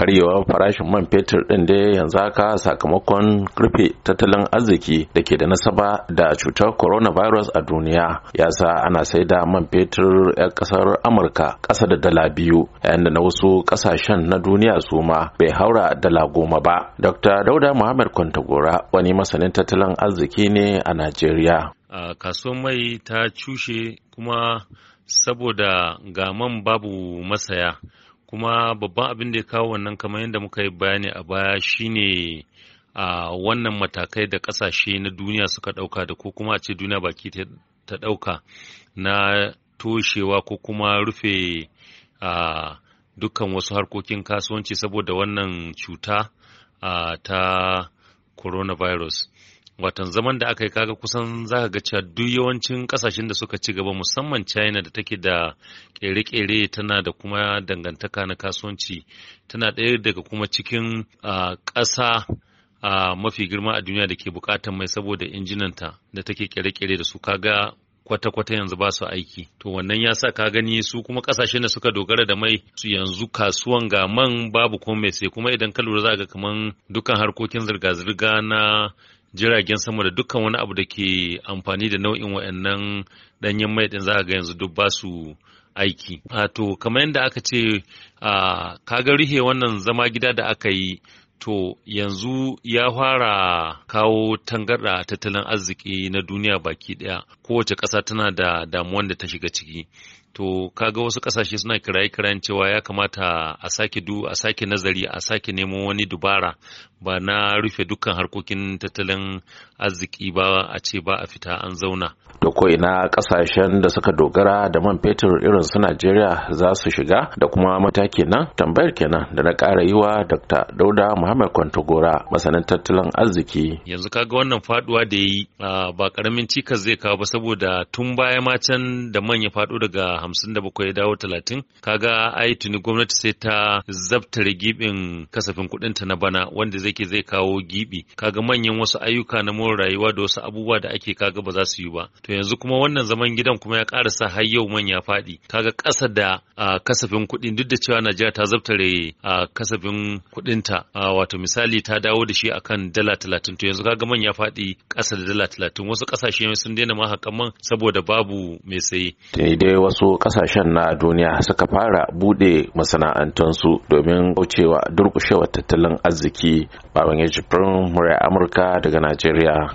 karyewa farashin man fetur din da yanzu haka sakamakon rufe tattalin arziki da ke da nasaba da cutar coronavirus a duniya ya sa ana sai da man fetur 'yan kasar amurka ƙasa da dala biyu yayin da na wasu ƙasashen na duniya su ma bai haura dala goma ba dr dauda muhammad kwantagora wani masanin tattalin arziki ne a najeriya a kasuwar mai ta cushe kuma saboda ga man babu masaya kuma babban abin da ya kawo wannan kamar yadda muka yi bayani a baya shine a wannan matakai da kasashe na duniya suka ɗauka da ko kuma a ce duniya baki ta ɗauka na toshewa ko kuma rufe a dukkan wasu harkokin kasuwanci saboda wannan cuta ta coronavirus watan zaman da aka yi kaga kusan za ka ga cewa duk yawancin kasashen da suka ci gaba musamman china da take da kere-kere tana da kuma dangantaka na kasuwanci tana ɗaya daga kuma cikin ƙasa mafi girma a duniya da ke buƙatar mai saboda injinanta da take kere-kere da su kaga kwata-kwata yanzu ba su aiki to wannan ya sa ka gani su kuma kasashen da suka dogara da mai su yanzu kasuwan ga man babu komai sai kuma idan ka lura za ga kaman dukkan harkokin zirga-zirga na jiragen sama da dukkan wani abu da ke amfani da nau'in wa'annan danyen mai din za ga yanzu duk ba su aiki. A to kamar yadda aka ce a kaga rihe wannan zama gida da aka yi to yanzu ya fara kawo tangarɗa tattalin arziki na duniya baki ɗaya kowace ƙasa tana da damuwan da ta shiga ciki to kaga wasu ƙasashe suna kiraye kirayen cewa ya kamata a sake du a sake nazari a sake nemo wani dubara ba na rufe dukkan harkokin tattalin arziki ba a ce ba a fita an zauna. Da ko ina kasashen da suka dogara da man fetur irin su Najeriya za su shiga da kuma mataki nan tambayar kenan da na ƙara yi wa Dr. Dauda Muhammad Kwantogora masanin tattalin arziki. Yanzu kaga wannan faduwa da yi ba karamin cikas zai kawo ba saboda tun baya ma can da man ya faɗo daga hamsin da bakwai dawo talatin kaga ai tuni gwamnati sai ta zabtare gibin kasafin kuɗinta na bana wanda zai rage zai kawo gibi kaga manyan wasu ayyuka na more rayuwa da wasu abubuwa da ake kaga ba za su yi ba to yanzu kuma wannan zaman gidan kuma ya karasa har yau manya faɗi kaga ƙasa da kasafin kuɗin duk da cewa Najeriya ta zabtare a kasafin kuɗinta wato misali ta dawo da shi akan dala talatin to yanzu kaga manya faɗi ƙasa da dala talatin wasu ƙasashe sun daina ma man saboda babu mai saye. dai wasu ƙasashen na duniya suka fara buɗe masana'antunsu domin kaucewa durƙushewar tattalin arziki Pak Wengi Jeprung, mereka Amerika dengan Nigeria.